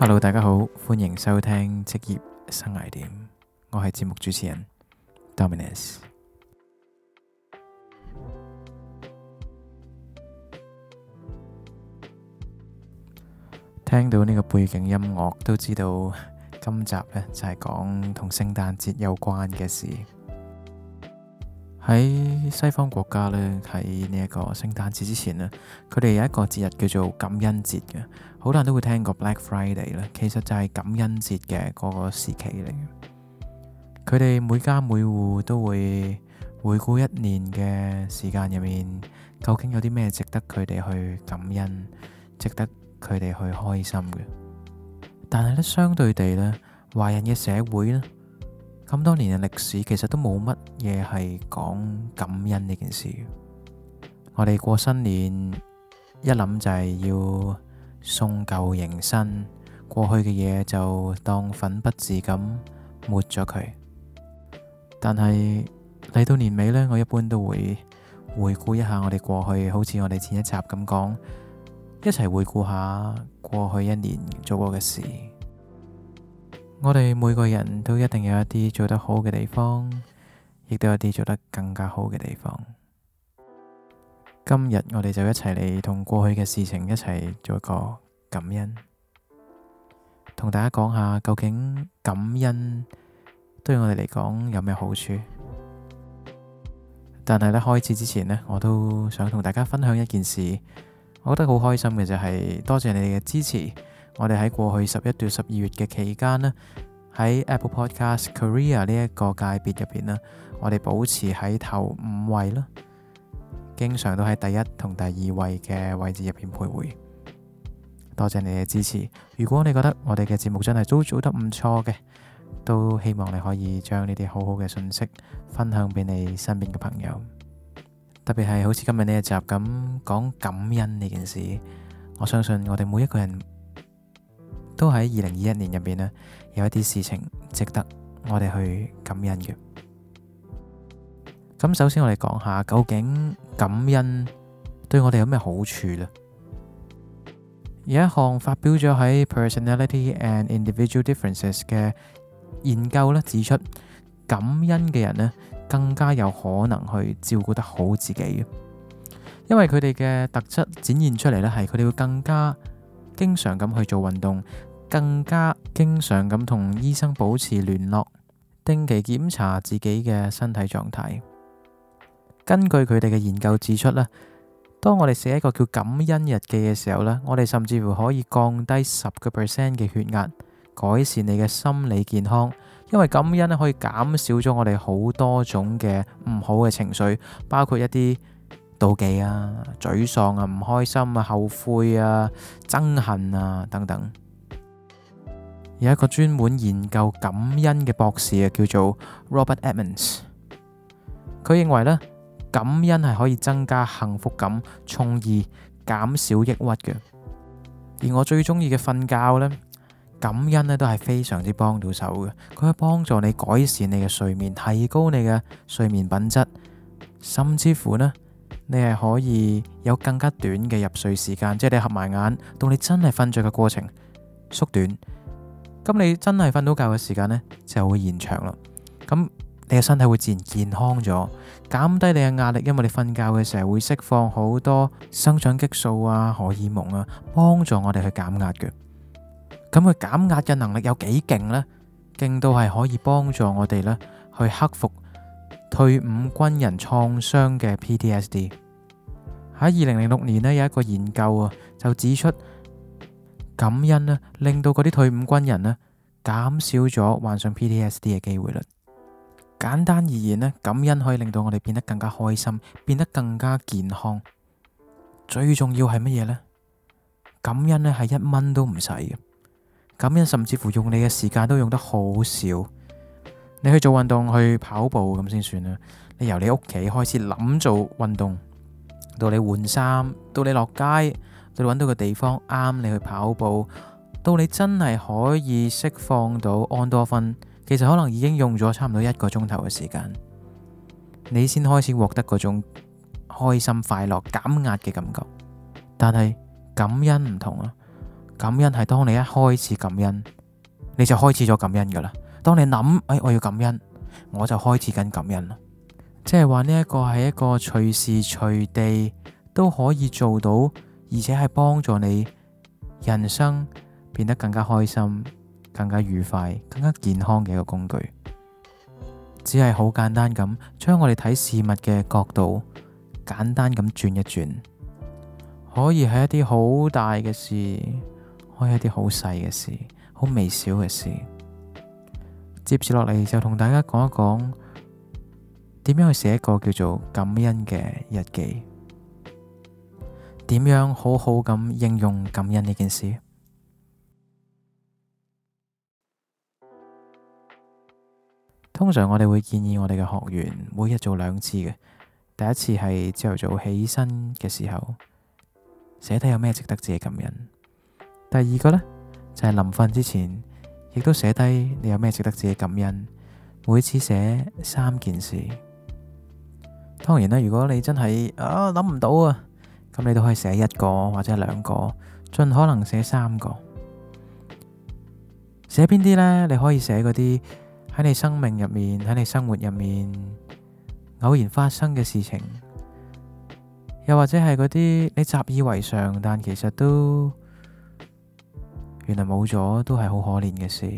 Hello，大家好，歡迎收聽職業生涯點，我係節目主持人 Dominus。聽到呢個背景音樂，都知道今集呢就係講同聖誕節有關嘅事。喺西方國家咧，喺呢一個聖誕節之前咧，佢哋有一個節日叫做感恩節嘅，好多人都會聽過 Black Friday 啦。其實就係感恩節嘅嗰個時期嚟嘅。佢哋每家每戶都會回顧一年嘅時間入面，究竟有啲咩值得佢哋去感恩，值得佢哋去開心嘅。但係咧，相對地咧，華人嘅社會咧。咁多年嘅歷史，其實都冇乜嘢係講感恩呢件事。我哋過新年一諗就係要送舊迎新，過去嘅嘢就當粉筆字咁抹咗佢。但係嚟到年尾呢，我一般都會回顧一下我哋過去，好似我哋前一集咁講，一齊回顧下過去一年做過嘅事。我哋每個人都一定有一啲做得好嘅地方，亦都有啲做得更加好嘅地方。今日我哋就一齊嚟同過去嘅事情一齊做一個感恩，同大家講下究竟感恩對我哋嚟講有咩好處。但係呢，開始之前呢，我都想同大家分享一件事，我覺得好開心嘅就係多謝你哋嘅支持。我哋喺過去十一到十二月嘅期間呢，喺 Apple Podcast Korea 呢一個界別入邊呢，我哋保持喺頭五位啦，經常都喺第一同第二位嘅位置入邊徘徊。多謝你嘅支持。如果你覺得我哋嘅節目真係都做得唔錯嘅，都希望你可以將你哋好好嘅信息分享俾你身邊嘅朋友。特別係好似今日呢一集咁講感恩呢件事，我相信我哋每一個人，都喺二零二一年入邊呢，有一啲事情值得我哋去感恩嘅。咁首先我哋講下，究竟感恩對我哋有咩好處呢？有一項發表咗喺《Personality and Individual Differences》嘅研究呢，指出感恩嘅人呢，更加有可能去照顧得好自己，因為佢哋嘅特質展現出嚟呢，係佢哋會更加經常咁去做運動。更加經常咁同醫生保持聯絡，定期檢查自己嘅身體狀態。根據佢哋嘅研究指出呢，當我哋寫一個叫感恩日記嘅時候呢，我哋甚至乎可以降低十個 percent 嘅血壓，改善你嘅心理健康。因為感恩呢可以減少咗我哋好多種嘅唔好嘅情緒，包括一啲妒忌啊、沮喪啊、唔開心啊、後悔啊、憎恨啊等等。有一個專門研究感恩嘅博士啊，叫做 Robert Edmonds。佢認為咧感恩係可以增加幸福感，從而減少抑鬱嘅。而我最中意嘅瞓覺咧，感恩咧都係非常之幫到手嘅。佢可以幫助你改善你嘅睡眠，提高你嘅睡眠品質，甚至乎咧你係可以有更加短嘅入睡時間，即係你合埋眼到你真係瞓着嘅過程縮短。咁你真係瞓到覺嘅時間呢，就會延長啦。咁你嘅身體會自然健康咗，減低你嘅壓力，因為你瞓覺嘅時候會釋放好多生長激素啊、荷爾蒙啊，幫助我哋去減壓嘅。咁佢減壓嘅能力有幾勁呢？勁到係可以幫助我哋呢去克服退伍軍人創傷嘅 PTSD。喺二零零六年呢，有一個研究啊，就指出感恩呢，令到嗰啲退伍軍人呢，減少咗患上 PTSD 嘅機會率。簡單而言咧，感恩可以令到我哋變得更加開心，變得更加健康。最重要係乜嘢呢？感恩咧係一蚊都唔使嘅。感恩甚至乎用你嘅時間都用得好少。你去做運動去跑步咁先算啦。你由你屋企開始諗做運動，到你換衫，到你落街，到你搵到個地方啱你去跑步。到你真係可以釋放到安多芬，其實可能已經用咗差唔多一個鐘頭嘅時間，你先開始獲得嗰種開心、快樂、減壓嘅感覺。但係感恩唔同啊，感恩係當你一開始感恩，你就開始咗感恩㗎喇。當你諗，誒、哎，我要感恩，我就開始緊感恩啦。即係話呢一個係一個隨時隨地都可以做到，而且係幫助你人生。變得更加開心、更加愉快、更加健康嘅一個工具，只係好簡單咁將我哋睇事物嘅角度簡單咁轉一轉，可以係一啲好大嘅事，可以係一啲好細嘅事，好微小嘅事。接住落嚟就同大家講一講點樣去寫一個叫做感恩嘅日記，點樣好好咁應用感恩呢件事。通常我哋會建議我哋嘅學員每日做兩次嘅，第一次係朝頭早起身嘅時候寫低有咩值得自己感恩。第二個呢，就係臨瞓之前，亦都寫低你有咩值得自己感恩。每次寫三件事。當然啦，如果你真係啊諗唔到啊，咁你都可以寫一個或者兩個，盡可能寫三個。寫邊啲呢？你可以寫嗰啲。喺你生命入面，喺你生活入面，偶然發生嘅事情，又或者係嗰啲你習以為常，但其實都原來冇咗，都係好可憐嘅事。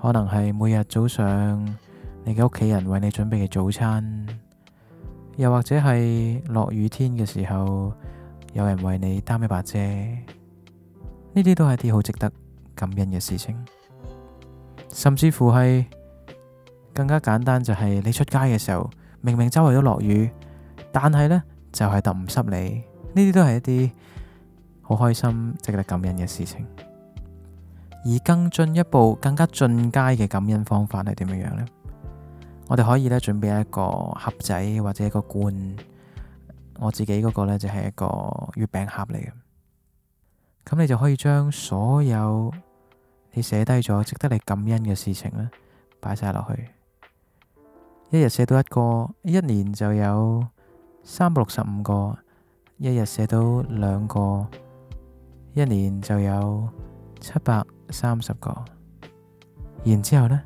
可能係每日早上你嘅屋企人為你準備嘅早餐，又或者係落雨天嘅時候有人為你擔一把遮，呢啲都係啲好值得感恩嘅事情。甚至乎係更加簡單，就係你出街嘅時候，明明周圍都落雨，但係呢就係揼唔濕你。呢啲都係一啲好開心、值得感恩嘅事情。而更進一步、更加進階嘅感恩方法係點樣樣呢？我哋可以呢準備一個盒仔或者一個罐，我自己嗰個呢，就係一個月餅盒嚟嘅。咁你就可以將所有。你寫低咗值得你感恩嘅事情啦，擺晒落去。一日寫到一個，一年就有三百六十五個；一日寫到兩個，一年就有七百三十個。然之後呢，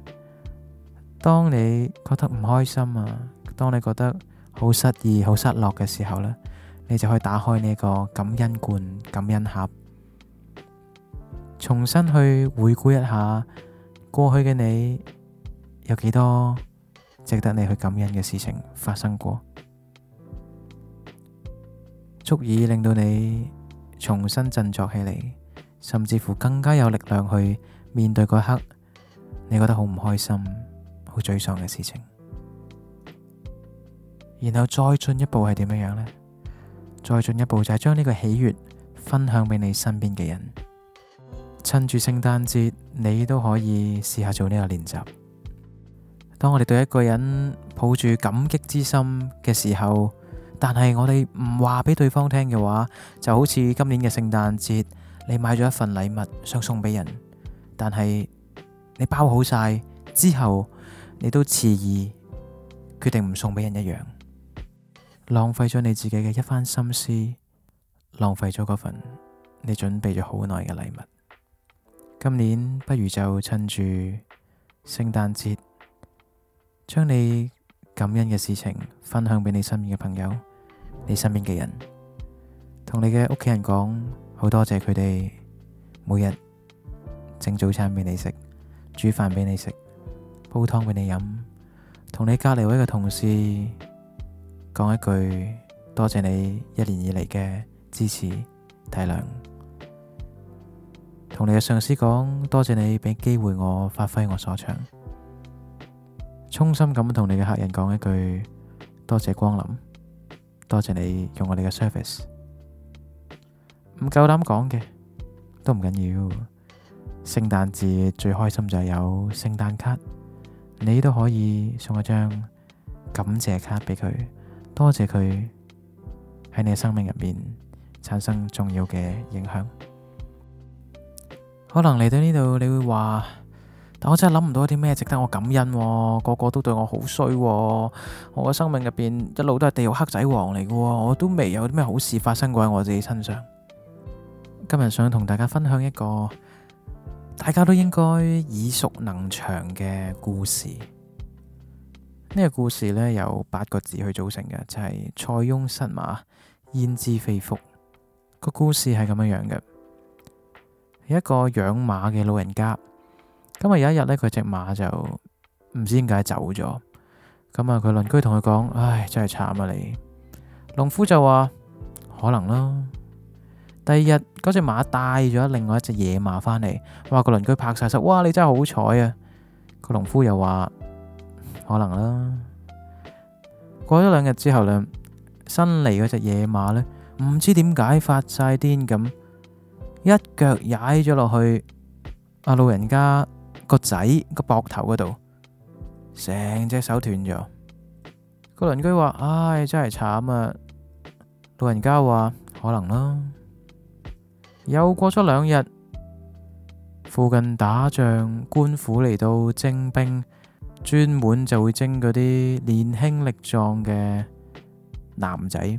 當你覺得唔開心啊，當你覺得好失意、好失落嘅時候呢，你就可以打開呢個感恩罐、感恩盒。重新去回顧一下過去嘅你，有幾多值得你去感恩嘅事情發生過，足以令到你重新振作起嚟，甚至乎更加有力量去面對嗰刻你覺得好唔開心、好沮喪嘅事情。然後再進一步係點樣呢？再進一步就係將呢個喜悦分享俾你身邊嘅人。趁住聖誕節，你都可以試下做呢個練習。當我哋對一個人抱住感激之心嘅時候，但係我哋唔話俾對方聽嘅話，就好似今年嘅聖誕節，你買咗一份禮物想送俾人，但係你包好晒之後，你都遲疑決定唔送俾人一樣，浪費咗你自己嘅一番心思，浪費咗嗰份你準備咗好耐嘅禮物。今年不如就趁住聖誕節，將你感恩嘅事情分享俾你身邊嘅朋友、你身邊嘅人，同你嘅屋企人講好多謝佢哋每日整早餐俾你食、煮飯俾你食、煲湯俾你飲，同你隔籬位嘅同事講一句多謝你一年以嚟嘅支持體諒。同你嘅上司講多謝你俾機會我發揮我所長，衷心咁同你嘅客人講一句多謝光臨，多謝你用我哋嘅 service。唔夠膽講嘅都唔緊要，聖誕節最開心就係有聖誕卡，你都可以送一張感謝卡俾佢，多謝佢喺你生命入面產生重要嘅影響。可能嚟到呢度你會話，但我真係諗唔到啲咩值得我感恩，個個都對我好衰，我嘅生命入邊一路都係地獄黑仔王嚟嘅，我都未有啲咩好事發生過喺我自己身上。今日想同大家分享一個大家都應該耳熟能詳嘅故事。呢、這個故事呢，由八個字去組成嘅，就係、是、塞翁失馬，焉知非福。個故事係咁樣樣嘅。一個養馬嘅老人家，今日有一日呢，佢隻馬就唔知點解走咗。咁啊，佢鄰居同佢講：，唉，真係慘啊你！農夫就話：，可能啦。第二日，嗰隻馬帶咗另外一隻野馬返嚟，話個鄰居拍晒實：，哇，你真係好彩啊！個農夫又話：，可能啦。過咗兩日之後呢，新嚟嗰隻野馬呢，唔知點解發晒癲咁。一腳踩咗落去，阿老人家個仔個膊頭嗰度，成隻手斷咗。個鄰居話：，唉，真係慘啊！老人家話：，可能啦。又過咗兩日，附近打仗，官府嚟到徵兵，專門就會徵嗰啲年輕力壯嘅男仔。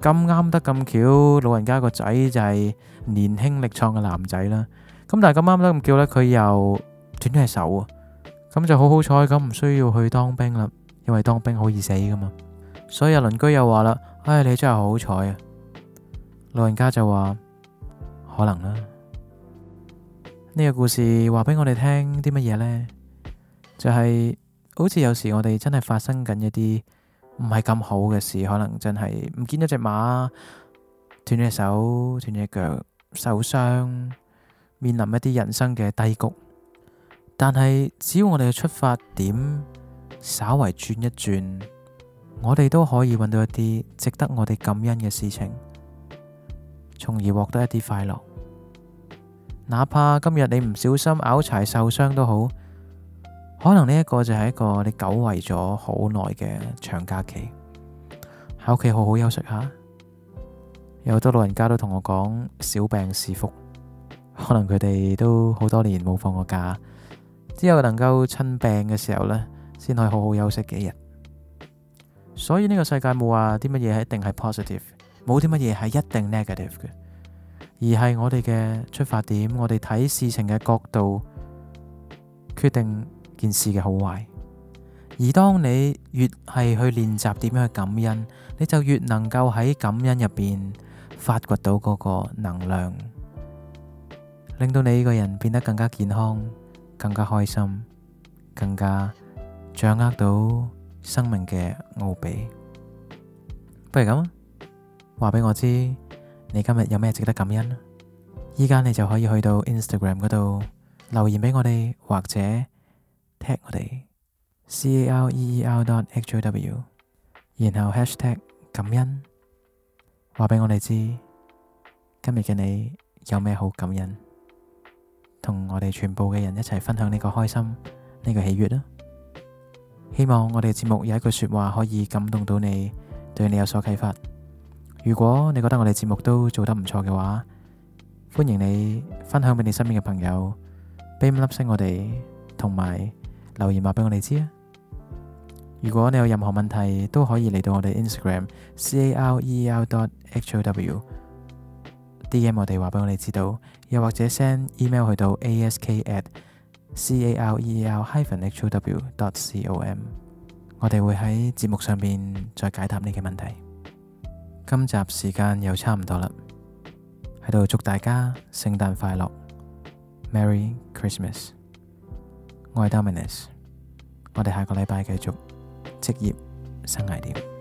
咁啱得咁巧，老人家個仔就係年輕力壯嘅男仔啦。咁但係咁啱得咁巧呢，佢又斷咗隻手啊。咁就好好彩，咁唔需要去當兵啦，因為當兵好易死噶嘛。所以啊鄰居又話啦：，唉、哎，你真係好彩啊！老人家就話：可能啦。呢、這個故事話俾我哋聽啲乜嘢呢？就係、是、好似有時我哋真係發生緊一啲。唔係咁好嘅事，可能真係唔見咗隻馬，斷咗手，斷咗腳，受傷，面臨一啲人生嘅低谷。但係只要我哋嘅出發點稍微轉一轉，我哋都可以揾到一啲值得我哋感恩嘅事情，從而獲得一啲快樂。哪怕今日你唔小心拗柴受傷都好。可能呢一個就係一個你久違咗好耐嘅長假期，喺屋企好好休息下。有好多老人家都同我講，小病是福，可能佢哋都好多年冇放過假，只有能夠趁病嘅時候呢，先可以好好休息幾日。所以呢個世界冇話啲乜嘢一定係 positive，冇啲乜嘢係一定 negative 嘅，而係我哋嘅出發點，我哋睇事情嘅角度，決定。件事嘅好壞，而當你越係去練習點樣去感恩，你就越能夠喺感恩入邊發掘到嗰個能量，令到你呢個人變得更加健康、更加開心、更加掌握到生命嘅奧秘。不如咁，話俾我知你今日有咩值得感恩。依家，你就可以去到 Instagram 嗰度留言俾我哋，或者。Tag 我哋 Career.how，然後 hashtag 感恩，話俾我哋知今日嘅你有咩好感恩，同我哋全部嘅人一齊分享呢個開心呢個喜悅啦。希望我哋節目有一句說話可以感動到你，對你有所啟發。如果你覺得我哋節目都做得唔錯嘅話，歡迎你分享俾你身邊嘅朋友，俾五粒星我哋，同埋。留言話俾我哋知啊！如果你有任何問題，都可以嚟到我哋 Instagram Career dot how。DM 我哋話俾我哋知道，又或者 send email 去到 ask at career hyphen how dot com。我哋會喺節目上面再解答你嘅問題。今集時間又差唔多啦，喺度祝大家聖誕快樂，Merry Christmas！我係 Dominus，我哋下個禮拜繼續職業生涯點。